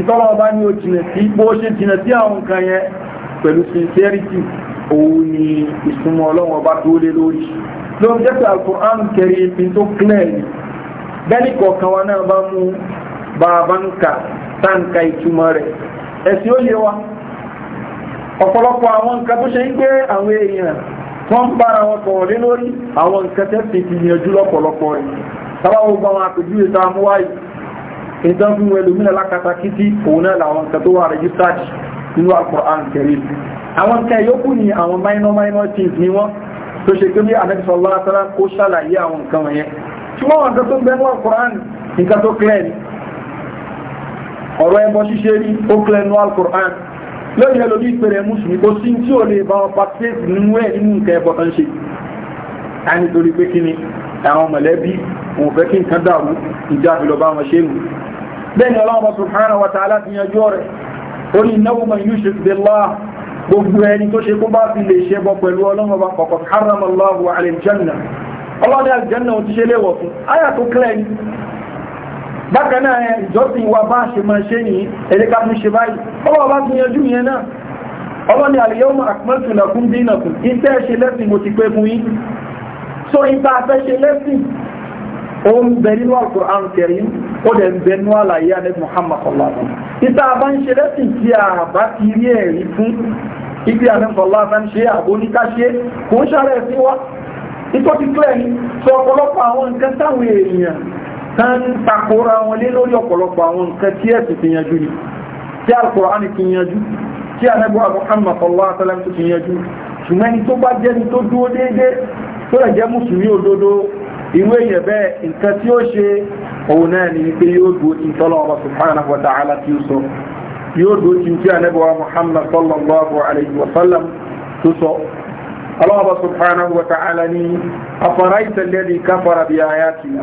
ìtọ́lọ́run ọba ní ó jìnà sí bó ṣe jìnà sí àwọn nǹkan yẹn pẹ̀lú sincerity òun ni ìsúnmọ́ ọlọ́run ọba tó lé lórí ló ń jẹ́pẹ̀ Al-Qur'an kẹrin ibi tó clear ni bẹ́ẹ̀ni kọ̀ọ̀kan wa náà bá mú bàbá ń kà táǹkà ìtumọ̀ rẹ̀ ẹ̀sìn ó yé wa ọ̀pọ̀lọpọ̀ àwọn nǹkan tó ṣe ń gbé àwọn èèyàn tó ń bára wọn kọ̀ lé lórí àwọn nǹkan tẹ́ fi ti yànjú lọ́pọ̀lọpọ̀ rẹ̀ sábà gbogbo àwọn àpèjúwe tá a mú wáyé ìtàn fún ẹlòmínà lákàtà kìtì òun náà làwọn nǹkan tó wà registered nínú Al-Qur'an Karim àwọn nǹkan yòókù ni àwọn minor minor things ni wọ́n tó ṣe pé bí anẹ́sọ̀lá sára kó ṣàlàyé àwọn nǹkan wọ̀nyẹn ṣùgbọ́n àwọn nǹkan tó ń bẹ nínú Al-Qur'an nǹkan tó clear lórí ẹlòmí ìpẹrẹ mùsùlùmí kò sí tí ò lè bá ọ pàtẹ́sì nínú ẹ̀ nínú nǹkan ẹbọ kan ṣe a nítorí pé kí ni àwọn mọ̀lẹ́bí òun fẹ́ kí nǹkan dàrú ìjà àfilọ́ bá wọn ṣe nù bẹ́ẹ̀ ni ọlọ́run subhanahu wa ta'ala ti yanjú ọ̀rẹ́ ó ní innahu man yushrik billah gbogbo ẹni tó ṣe kó bá fi lè ṣe léwọ̀ fún áyà bákan náà ìjọsìn wa bá ṣe máa ṣe yìí ẹ̀ríkà tún ṣe báyìí ọwọ́ bá tún yanjú yẹn náà ọwọ́ ni al-yawma akmaltu lakum dinakum iṣẹ́ ṣe lẹ́sìn mo ti pé fún yín so ipa afẹ́ ṣe lẹ́sìn ó ń bẹ nínú al-Qur'an Karim ó dẹ̀ ń bẹ nínú àlàyé alẹ́ Muhammad allah ipa abá ń ṣe lẹ́sìn tí a bá ti rí ẹ̀rí tán takora wọn lé lórí ọ̀pọ̀lọpọ̀ àwọn nǹkan tí ẹ̀sìn ti yanjú ni tí Al-Qur'ani ti yanjú tí anagba Muhammad sallallahu alaihi wasallam ti yanjú ṣùgbọ́n ẹni tó bá jẹ́ ni tó dúró déédé tó rẹ̀ jẹ́ mùsùlùmí òdodo ìwé yẹ̀ bẹ́ẹ̀ nǹkan tí ó ṣe òun náà ni pé yóò dúró ti tọ́lọ̀ ọmọ subhanahu wa ta'ala tí ó sọ yóò dúró ti tí anagba Muhammad Allah subhanahu wa ta'ala ni afara'ayta alladhi kafara bi ayatina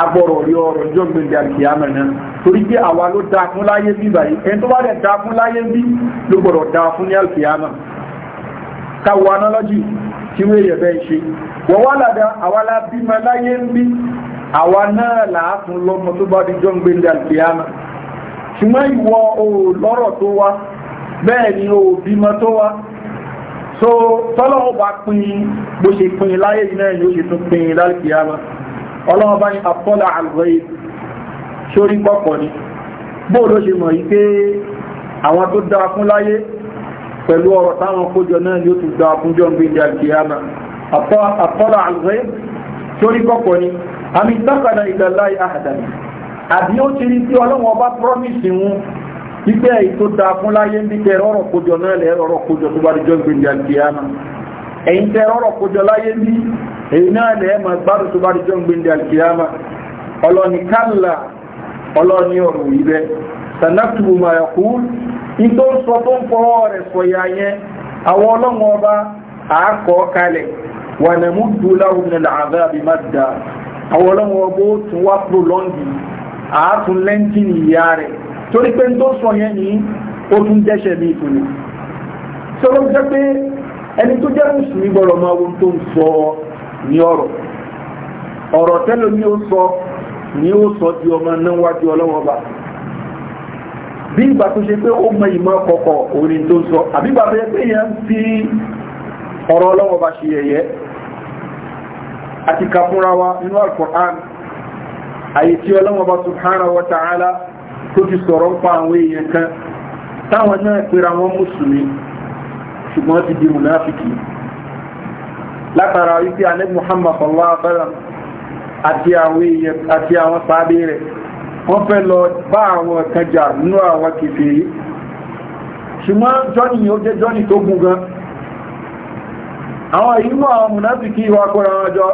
agbọ́rọ̀ orí ọrọ̀ jọ gbẹ̀dẹ̀ àkìyàmẹ̀ náà torí pé àwa ló dáa fún láyé bí báyìí ẹni tó bá dẹ̀ dáa fún láyé bí ló gbọ́dọ̀ dáa fún ní àkìyàmẹ̀ káwọ analogy tí wọ́n yẹ̀ bẹ́ẹ̀ ṣe wọ́n wá ládàá àwa la bímọ láyé ń bí àwa náà làá fún lọ́mọ tó bá di jọ gbẹ̀dẹ̀ àkìyàmẹ̀ ṣùgbọ́n ìwọ o lọ́rọ̀ tó wá bẹ́ẹ̀ ni o bímọ tó wá so tọ́lọ́wọ́ bá pin bó ṣe pin láyé yìí náà ni ó ṣe tún pin lálùkìyàmẹ̀ ọlọ́wọ́ bá ní àpọ́lá àgbẹ̀ sórí pọ́pọ̀ ni bóò ló ṣe mọ̀ yí pé àwọn tó dáa fún láyé pẹ̀lú ọ̀rọ̀ táwọn kójọ náà yóò tún dáa fún jọ ń gbé ìjà kìíyàmà àpọ́lá àgbẹ̀ sórí pọ́pọ̀ ni àmì tákàdá ìdàláì àhàdàní àbí ó ti rí sí ọlọ́wọ́ dáa fún jọ gbé ìjà ẹ̀yìn tẹ kójọ láyé bí èyí náà lẹ́ẹ̀ máa gbádùn tó bá rí ń gbé ní alkiyama ọlọ́ni kálà ọlọ́ni ọ̀rọ̀ ìbẹ́ sanatubu ma yà kú ní tó ń sọ tó ń fọwọ́ rẹ̀ sọ̀yà yẹn àwọn ọlọ́wọ́ ọba àákọ́ kalẹ̀ wà nà mú dúláhùn da àwọn ọlọ́wọ́ ọba ó tún wá prolongi àátún lẹ́ńtìn ìyá rẹ̀ torí pé tó sọ yẹn ní ó tún jẹ́ pé ẹni tó máa wo tó ń sọ ọ́ ní ọ̀rọ̀ ọ̀rọ̀ tẹ́lẹ̀ ni ó sọ ni ó sọ di ọmọ náà wájú ọlọ́wọ́ bá bí ìgbà tó ṣe pé ó mọ ìmọ̀ kọ̀kọ̀ orin tó sọ àbí tó yẹ pé yẹn fi ọ̀rọ̀ ọlọ́wọ́ ṣe yẹ̀yẹ́ àti kàfúnra wa nínú Al-Qur'an àyè tí ọlọ́wọ́ bá subhanahu wa ta'ala tó ti sọ̀rọ̀ ń pa àwọn èèyàn kan táwọn náà pera wọn mùsùlùmí ṣùgbọ́n ti di mùnáfìkì látara wípé anẹ́bí Muhammad sallallahu alaihi wasallam àti àwọn sàábé rẹ̀ wọ́n fẹ́ lọ bá àwọn kan jà nínú àwọn kèfèrí ṣùgbọ́n jọ́nì yóò jẹ́ jọ́nì tó gùn gan àwọn ìlú àwọn mùnáfíkì wà kọ́ra wọn jọ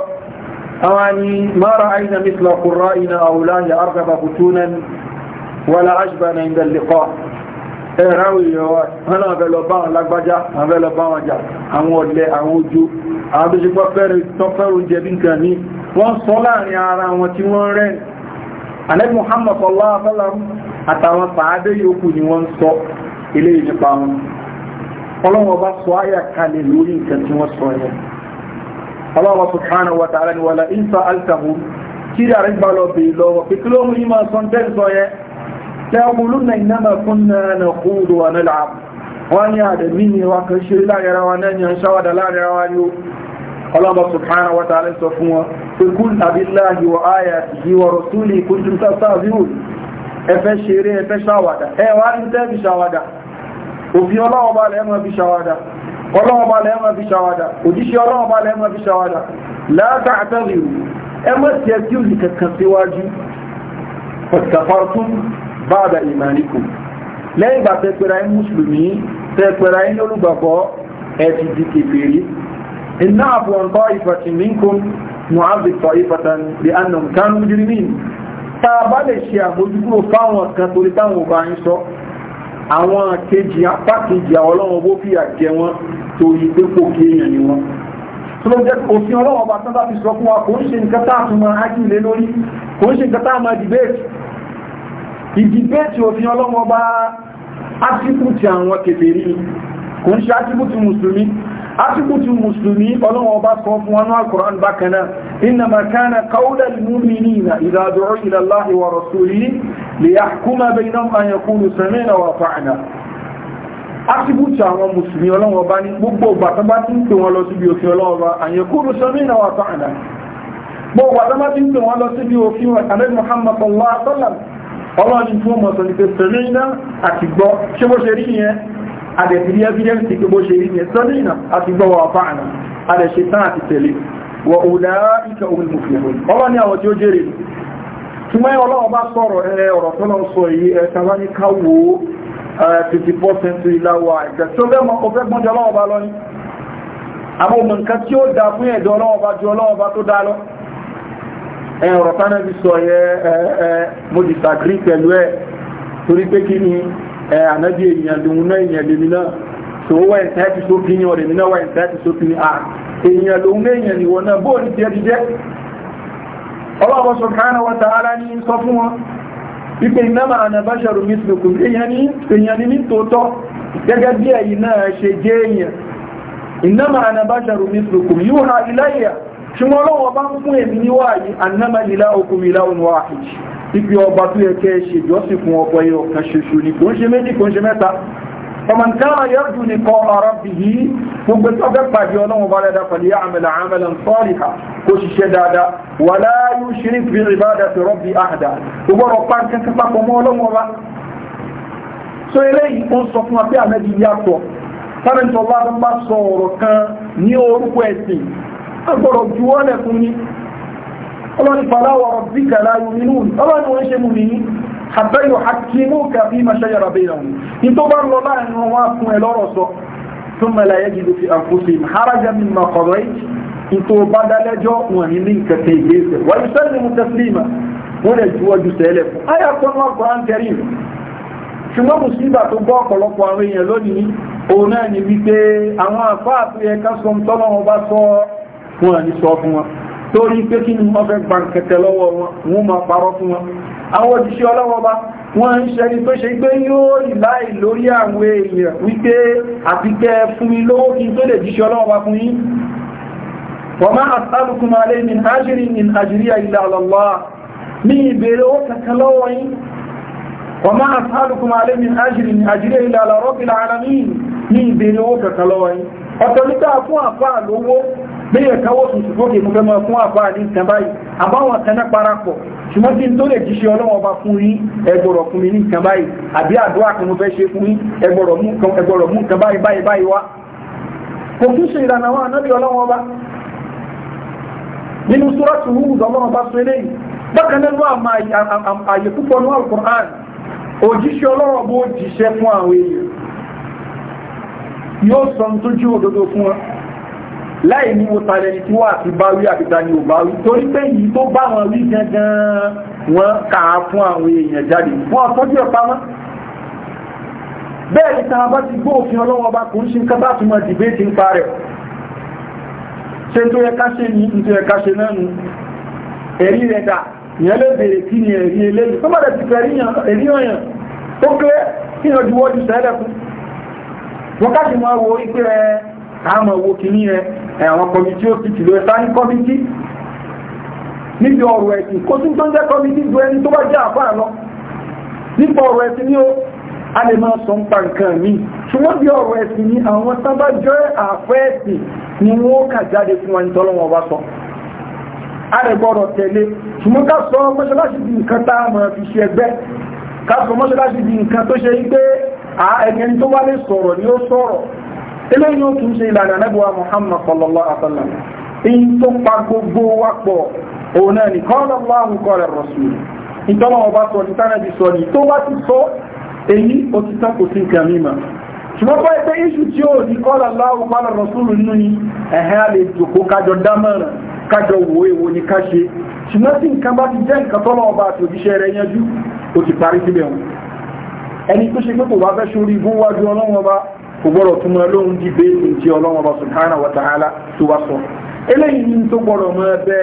ẹ̀rọ àwọn èèyàn wa wọ́n náà fẹ́ lọ bá wọn lágbájá àwọn fẹ́ lọ bá wọn jà àwọn ọ̀lẹ àwọn ojú àwọn tó ṣe pọ́ fẹ́rẹ̀ tọ́fẹ́rẹ̀ oúnjẹ bí nǹkan ní wọ́n sọ láàrin ara wọn tí wọ́n rẹ̀ alẹ́ Muhammad sallallahu alaihi wasallam àtàwọn pàádé yòókù ni wọ́n sọ ilé ìjọba wọn ọlọ́wọ́ bá sọ ayà يقولون إنما كنا نقود ونلعب wọ́n ní àdẹ̀mí wa kan ṣe láàrẹ̀ra wa náà ni a ń ṣáwàdà láàrẹ̀ra wa ní ọlọ́bà subhanahu wa ta'ala sọ fún wọn pé kún àbíláàhì wa ayatihi wa rasuli kuntum tastahzi'un ẹfẹ́ ṣeré ẹfẹ́ ṣáwàdà ẹ wá ní tẹ́ fi ṣáwàdà òfin ọlọ́ọ̀bà lẹ́mọ̀ fi ṣáwàdà ọlọ́ọ̀bà lẹ́mọ̀ fi ṣáwàdà òjíṣẹ́ tí ò ní kankan síwájú ọ̀tàfàtún báàdà ìmàníkù lẹ́yìn ìgbà tẹ́pẹ̀rẹ̀ ayé mùsùlùmí tẹ́pẹ̀rẹ̀ ayé lólùgbàgbọ́ ẹ̀tì di kèfèrí iná àbùwọ̀n tọ́ ìfàtí minkum muhammed tọ́ ìfàtàn bí annam kánú mujrimin tá a bá lè ṣe àmójúkúrò fáwọn kan torí táwọn ọba ń sọ àwọn kejì apá òfin ọlọ́wọ́n bá tán bá fi sọ fún wa kò ń ṣe nǹkan tá a lórí kò ń ṣe nǹkan tá a ìdìbẹ́tì òfin ọlọ́wọ́ bá átíkùtì àwọn kèfèrí kò ń ṣe átíkùtì mùsùlùmí átíkùtì mùsùlùmí ọlọ́wọ́ bá sọ fún wọn al-Qur'an bákanáà innama kana qawla al-mu'minina idha du'u ila Allahi wa rasulihi liyahkuma baynahum an yaqulu sami'na wa ata'na átíkùtì àwọn mùsùlùmí ọlọ́wọ́ bá ní gbogbo ìgbà tó bá ti ń pè wọn lọ síbi òfin ọlọ́wọ́ bá an yaqulu sami'na wa ata'na gbogbo àtọ́bá ti ń pè wọn lọ síbi òfin ọ̀tàlẹ́ ọlọ́ni fún ọmọ sọ ní pé sọ́lẹ́yìnà àti gbọ́ ṣé bó ṣe rí yẹn àdẹ̀sírí evidence pé bó ṣe rí yẹn sọ́lẹ́yìnà àti gbọ́ wà bá àná àdẹ̀ṣe tán àti tẹ̀lé wọ òdà ìkà omi mùfìlẹ̀ ọlọ́ni àwọn tí ó jèrè ṣùgbọ́n ọlọ́wọ́ bá sọ̀rọ̀ ẹ ọ̀rọ̀ tó lọ sọ yìí ẹ tàbá ní ká wo fifty four century láwọ àìsà tí ó ẹ ọ̀rọ̀ tánà fi sọ yẹ ẹ ẹ mo ti sàkírí pẹ̀lú ẹ torí pé kí ni ẹ ànábì èèyàn lòun náà èèyàn lèmi náà tó wá ẹ̀sẹ̀ ti sófin ni ọ̀rẹ̀mi náà wá ẹ̀sẹ̀ ti sófin ni à èèyàn lòun náà èèyàn nìwọ̀n náà bóò ní tiẹ̀ ti jẹ́ Allah subhanahu wa ta'ala ní sọ fún wọn wípé innama ana basharun mislukum èèyàn ní ní tòótọ́ gẹ́gẹ́ bí ẹ̀yin náà ṣe jẹ́ èèyàn innama ana basharun mislukum yuha ilayya ṣùgbọ́n lọ́wọ́ bá ń fún èmi níwáyé annama ilá okùn ilá òun wá àìjì ibi ọba tó yẹ kẹ́ ṣe jọ́sìn fún ọgbọ́ yẹ ọ̀kan ṣoṣo ni kò ń ṣe méjì kò ń ṣe mẹ́ta فمن كان يرجو لقاء ربه فبتوقع يوم بلد فليعمل عملا صالحا كوش شدادا ولا يشرك بعبادة ربي أحدا وبرقان كان كفاك مولم وما so eléyìí ó ń sọ fún wa pé àmẹ́bí yàtọ̀ sábẹ́ntì ọlọ́dún bá sọ ọ̀rọ̀ kan ní orúkọ ẹ̀sìn agbọ̀rọ̀ ju wọ́lẹ̀ fún ní ọlọ́ni faláwọ̀rọ̀ bí kàlá yóò ọlọ́ni wọ́n ṣe mú ní àbẹ́ yóò hakí mú kàfí ma ṣẹ́yà rà bẹ́yà wọn ní tó bá lọ láàrin wọn fún ẹ lọ́rọ̀ sọ wọ́n lè ju ọjọ́ fún ayà kan wọn kọ́ án kẹrin ṣùgbọ́n mùsùlùmí tó gbọ́ ọ̀pọ̀lọpọ̀ àwọn èèyàn lónìí òun náà ní wípé àwọn àfáà tó yẹ ká sọ bá sọ fún ẹni sọ fún wọn torí pé kí ni wọ́n fẹ́ gba kẹtẹ lọ́wọ́ wọn wọ́n máa parọ́ fún wọn àwọn òṣìṣẹ́ ọlọ́wọ́ bá wọ́n ń ṣe ni tó ṣe pé yóò láì lórí àwọn èèyàn wípé àfikẹ́ fún mi lówó kí n tó lè jíṣẹ́ ọlọ́wọ́ fún yín wọ́n máa as'alukum alayhi min ajrin in ajriya illa ala Allah ní ìbéèrè ó kankan lọ́wọ́ yín wọ́n máa as'alukum alayhi min ajrin in ajriya illa ala rabbil alamin ní ìbéèrè ó kankan lọ́wọ́ yín ọ̀tọ̀ fún àfáà lówó bẹ́yẹ̀ káwọ́ tuntun lókè mú fẹ́mọ́ fún àbá ní nǹkan báyìí àbáwọn kan náà parapọ̀ ṣùgbọ́n tí n tó lè jíṣẹ́ ọlọ́wọ́n bá fún yín ẹgbọ̀rọ̀ fún mi ní nǹkan báyìí àbí àdúrà kan mo fẹ́ ṣe fún yín ẹgbọ̀rọ̀ mú nǹkan báyìí báyìí báyìí wá kò tún ṣe ìlànà wọn ànábì ọlọ́wọ́n bá nínú súrọ́tù Hud ọlọ́wọ́n bá sọ eléyìí bákan nínú àyè púpọ̀ ní alukur'an òjíṣẹ́ ọlọ́wọ́n bó jíṣẹ́ fún àwọn èèyàn yóò sọ ní tójú òdodo fún wọn láì ní mo tààrẹ ni tí wọ́n àti bá wí àbíta ni ò bá wí torí pé yìí tó bá wọn wí gangan wọn kà á fún àwọn èèyàn jáde wọn tọ́jú ẹ̀ pamọ́ bẹ́ẹ̀ ni tàà bá ti gbọ́ òfin ọlọ́wọ́ bá kò ń ṣe nǹkan bá tún máa dìbé ti ń pa rẹ̀ ṣe tó yẹ ká ṣe ní tó yẹ ká ṣe náà nu ni ẹ̀rí eléyìí tó bá dẹ̀ ti fẹ́ ẹ̀rí ọ̀yàn tó kéré kí ni ojú wọ́n ju sẹ́lẹ̀ fún wọn ká sì máa wo ipe ẹ̀ àmọ̀ owó kìíní ẹ àwọn kọmití ó fi tìlú ẹ̀sá ní kọmití níbi ọ̀rọ̀ ẹ̀sìn kó tún tó ń jẹ́ kọmití ju ẹni tó bá jẹ́ àfáà lọ nípa ọ̀rọ̀ ẹ̀sìn ni ó a lè máa sọ ń pa nǹkan mi ṣùgbọ́n bí ọ̀rọ̀ ẹ̀sìn ni àwọn sábà jẹ́ àfẹ́ ẹ̀sìn ni wọ́n kà jáde fún wa nítorí wọn bá sọ a lè gbọ́dọ̀ tẹ̀lé ṣùgbọ́n ká sọ mọ́ṣáláṣí di nǹkan tá a máa fi ṣe ẹgbẹ́ ká sọ mọ́ṣáláṣí di nǹkan tó ṣe yí pé ẹni tó wá lè sọ̀rọ̀ ni ó sọ̀rọ̀ eléyìí ó tún ṣe ìlànà anábìwá muhammad sallallahu alaihi wa sallam èyí tó pa gbogbo wa pọ̀ òun náà ni qala Allahu qala rasul ìtọ́lọ́ ọba sọ ní tánàbí sọ ní tó bá ti sọ èyí ó ti tán kò sí nǹkan mímọ́ ṣùgbọ́n bá ẹgbẹ́ iṣu tí ó ní qala Allahu qala rasul nínú ni ẹ̀hẹ́ a lè jòkó kájọ dámọ̀ràn kájọ wo èwo ni ká ṣe ṣùgbọ́n tí nǹkan bá ti jẹ́ nǹkan tọ́lọ́ ọba àti òjíṣẹ́ rẹ̀ yanjú ó ti parí síbẹ̀ wọn ẹni tó ṣe pé kò bá fẹ́ ṣorí igun wájú ọlọ́run ọba kò gbọ́dọ̀ túmọ̀ lóhun di béèlì tí ọlọ́run ọba subhanahu wa ta'ala tó wá sọ eléyìí ní tó gbọ́dọ̀ máa bẹ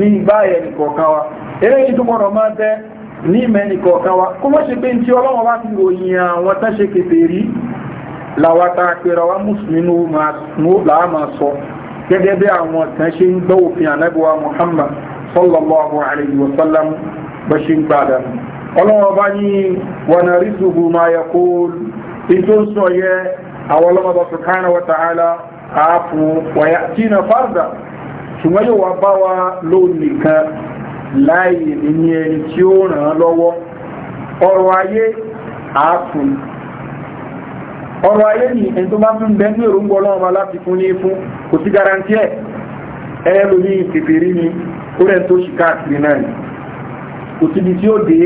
ní báyẹ̀ nìkọ̀ọ̀kan wa eléyìí tó gbọ́dọ̀ máa bẹ ní ìmẹ́ nìkọ̀ọ̀kan wa kó mọ́ ṣe pé tí ọlọ́run ọba ti ròyìn àwọn tán ṣe kèfèrí làwátá pèrè wa mùsùlùmí ní làá máa sọ gẹ́gẹ́ bí àwọn kan ṣe ń gbọ́ òfin ànábíwá Muhammad sallallahu alayhi wa sallam bá ṣe ń gbàdá ọlọ́run ọba ní wọnà rí àwọn ọlọ́mọba subhanahu wa ta'ala ààfù wọ̀nyá tí na fárda ṣùgbọ́n yóò wá bá wa lónìí kan láàyè nínú ẹni tí ó ràn án lọ́wọ́ ọrọ̀ ayé ààfù ọrọ̀ ayé ni ẹni tó bá fún bẹ́ẹ̀ ní èròǹgbọ́ ọlọ́mọba láti fún ní fún kò sí garanti ẹ̀ ẹ lómi ìpèpèrè ni ó rẹ̀ tó ṣì káàkiri náà kò síbi tí ó dé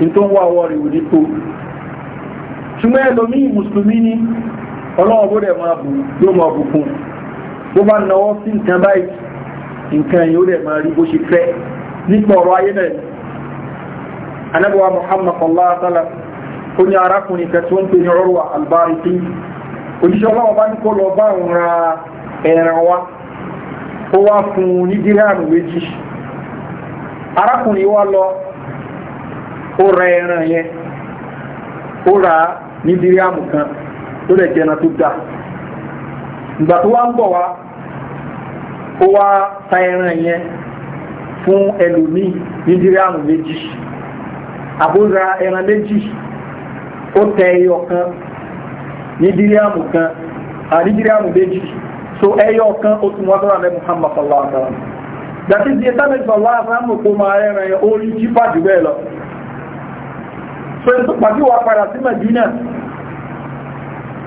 ní tó ń wá ọwọ́ rẹ̀ òdí tó ṣùgbọ́n ẹlòmí mùsùlùmí ni ọlọ́wọ́ bó dẹ̀ máa bù yóò máa bù fún bó bá náwó sí nǹkan báyìí nǹkan yóò dẹ̀ máa rí bó ṣe fẹ́ nípa ọ̀rọ̀ ayé náà anábọ̀wá Muhammad sallallahu alaihi wa sallam ó ní arákùnrin kan tí wọ́n ń pè ní Urwa ní kó lọ bá òun ra wa ó wá fún un ní díráàmù méjì arákùnrin wa lọ ó ra ẹran yẹn ó ra ní díríàmù kan tó lè jẹ́nà tó dá ìgbà tó wá ń bọ̀ wá ó wá ta ẹran yẹn fún ẹlòmíì ní díríàmù méjì àbúra ẹran méjì ó tẹ ẹyọ kan ní díríàmù kan àní díríàmù méjì so ẹyọ kan ó tún wá sọ́ra lẹ́ Muhammad sallallahu alaihi wa sallam dàtí di ẹ̀tà mẹ́sàn láàrín òpó máa rẹ̀rẹ̀ orí jípa jù bẹ́ẹ̀ lọ. so ìtùpàdíwà padà sí Medina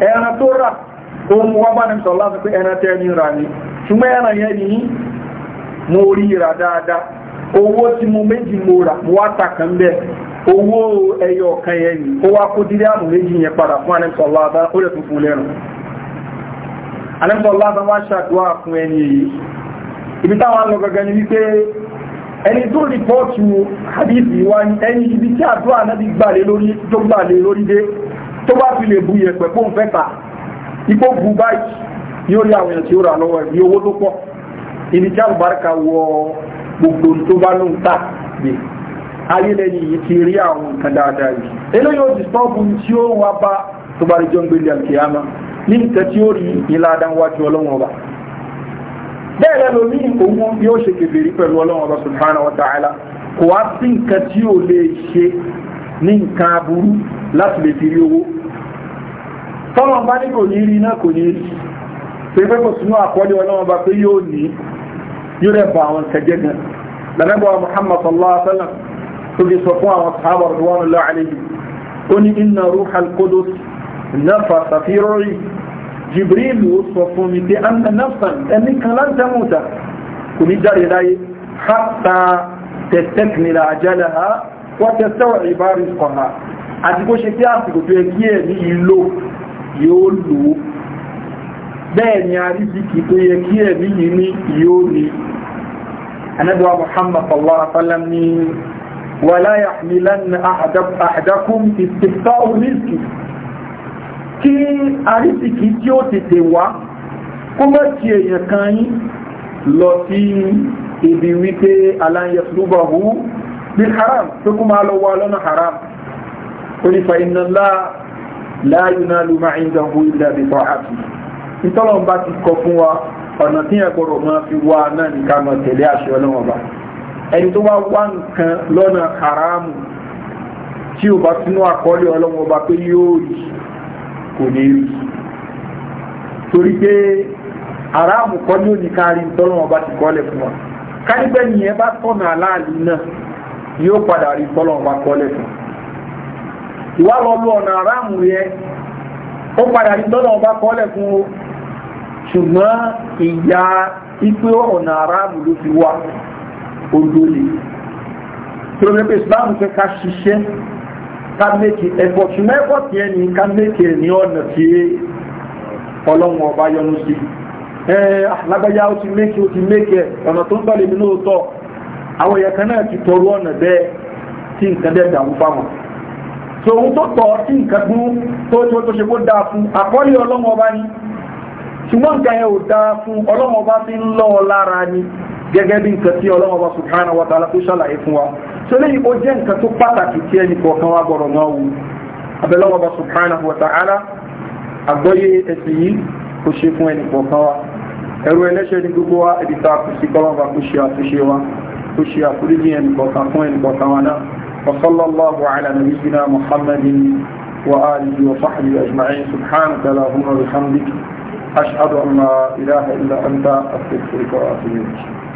ẹran tora rà ohun wọ́n bá ní sọ̀lá sọ pé ẹran tẹ́ ní rà ní ṣùgbọ́n ẹran yẹn ní mo rà dáadáa owó tí mo méjì mo rà mo wá owó ẹyọ ọ̀kan yẹn ní ó wá méjì yẹn padà fún anẹ́sọ̀lá ni ẹni tó ibi tí àdúrà náà ti gbà lé lórí tó gbà tó bá fi lè bu yẹ̀pẹ̀ kó ń fẹ́ ta ipò bu báyìí yóò rí àwọn èèyàn tí ó rà lọ́wọ́ ẹ̀rí owó tó pọ̀ ibi tí àlùbáríkà wọ gbogbo tó bá lóun tà gbé ayé lẹ́yìn yìí ti rí àwọn nǹkan dáadáa yìí eléyìí ó ti sọ́ọ̀bù tí ó wá bá tó bá rí jọ́ ń gbélé àkèyàmá ní nǹkan tí ó rí ìlàdá wájú ọlọ́wọ́n ọba bẹ́ẹ̀ lẹ́nu ní òun yóò ṣe kèfèrí pẹ̀lú ọlọ́wọ́n ọba subhanahu wa ta'ala kò wá sí nǹkan tí ó lè ṣe ní nǹkan aburú láti lè fi rí owó tọ́lọ̀ bá ní kò ní rí náà kò ní rí pé pé kò súnú àkọọ́lẹ̀ ọlọ́wọ́n bá pé yóò ní yóò rẹ̀ bá àwọn kẹjẹ gan lẹ́nàbọ̀ Muhammad sallallahu alaihi wa sallam tó fi sọ fún àwọn sàhábà radwanullahi alaihim ó kò tó yẹ ẹ̀ ní ìlò yóò lò ó bẹ́ẹ̀ ni àríṣìkì tó yẹ kí ẹ̀mí yìí ní yóò ní anábíwá muhammad sallallahu alaihi wasallam ni wa la yahmilanna ahadakum istifta'u rizqi kí àríṣìkì tí ó tètè wá kó mọ́ ti èèyàn kan yín lọ sí ibi wípé aláyẹ̀sùlúbọ̀hú bí haram tó kú máa lọ wá lọ́nà haram onífà inna la yunalu ma indahu illa bi ta'ati ìtọ́lọ́n bá ti kọ fún wa ọ̀nà tí ẹ gbọ́dọ̀ máa fi wá náà ní ká máa tẹ̀lé àṣẹ ọlọ́run ọba ẹni tó bá wá nǹkan lọ́nà haramu tí ó bá sínú àkọọ́lẹ̀ ọlọ́run ọba pé yóò rí kò ní rí torí pé haramu kọ́ ní oníkárí ìtọ́lọ́run ti kọ́lẹ̀ fún wa kánígbẹ́ nìyẹn bá tọ̀nà aláàlú náà yóò padà rí ìtọ́lọ́run kọ́lẹ̀ fún wa ìwà lọ lu ọ̀nà aráàmù yẹn ó padà ní tọ́nà ọba kọ́lẹ̀ fún o ṣùgbọ́n ìyá ipe ọ̀nà aráàmù ló fi wá odòlè tí ó lè pè Islam fẹ́ ká ṣiṣẹ́ ká méjì ẹ̀fọ́ ṣùgbọ́n ẹ̀fọ́ tí ẹni ká méjì ní ọ̀nà tí ọlọ́run ọba yọ́nú sí lágbàjá ó ti méjì ó ti méjì ọ̀nà tó ń tọ́lẹ̀ nínú òótọ́ àwọn èèyàn kan náà ti tọrọ ọ̀nà bẹ́ẹ̀ tí nǹkan bẹ́ẹ̀ dàmú fáwọn tòun tó tọ̀ sí nǹkan fún tó tó ṣe kó dáa fún àkọ́lé ọlọ́run ọba ni ṣùgbọ́n nǹkan yẹn ò dáa fún ọlọ́run ọba fi ń lọ́ ọ lára ni gẹ́gẹ́ bí nǹkan tí ọlọ́run ọba subhanahu wa ta'ala tó ṣàlàyé fún wa tó lẹ́yìn ó jẹ́ nǹkan tó pàtàkì tí ẹnì kọ̀ọ̀kan wa gbọ́dọ̀ náà wù abẹ́lọ́run ọba subhanahu wa àgbọ́yé ẹ̀sìn yìí kò ṣe fún ẹnì kọ̀ọ̀kan wa ẹ̀rù ẹlẹ́ṣẹ̀ وصلى الله على نبينا محمد وآله وصحبه أجمعين سبحانك اللهم وبحمدك أشهد أن لا إله إلا أنت أستغفرك وأتوب إليك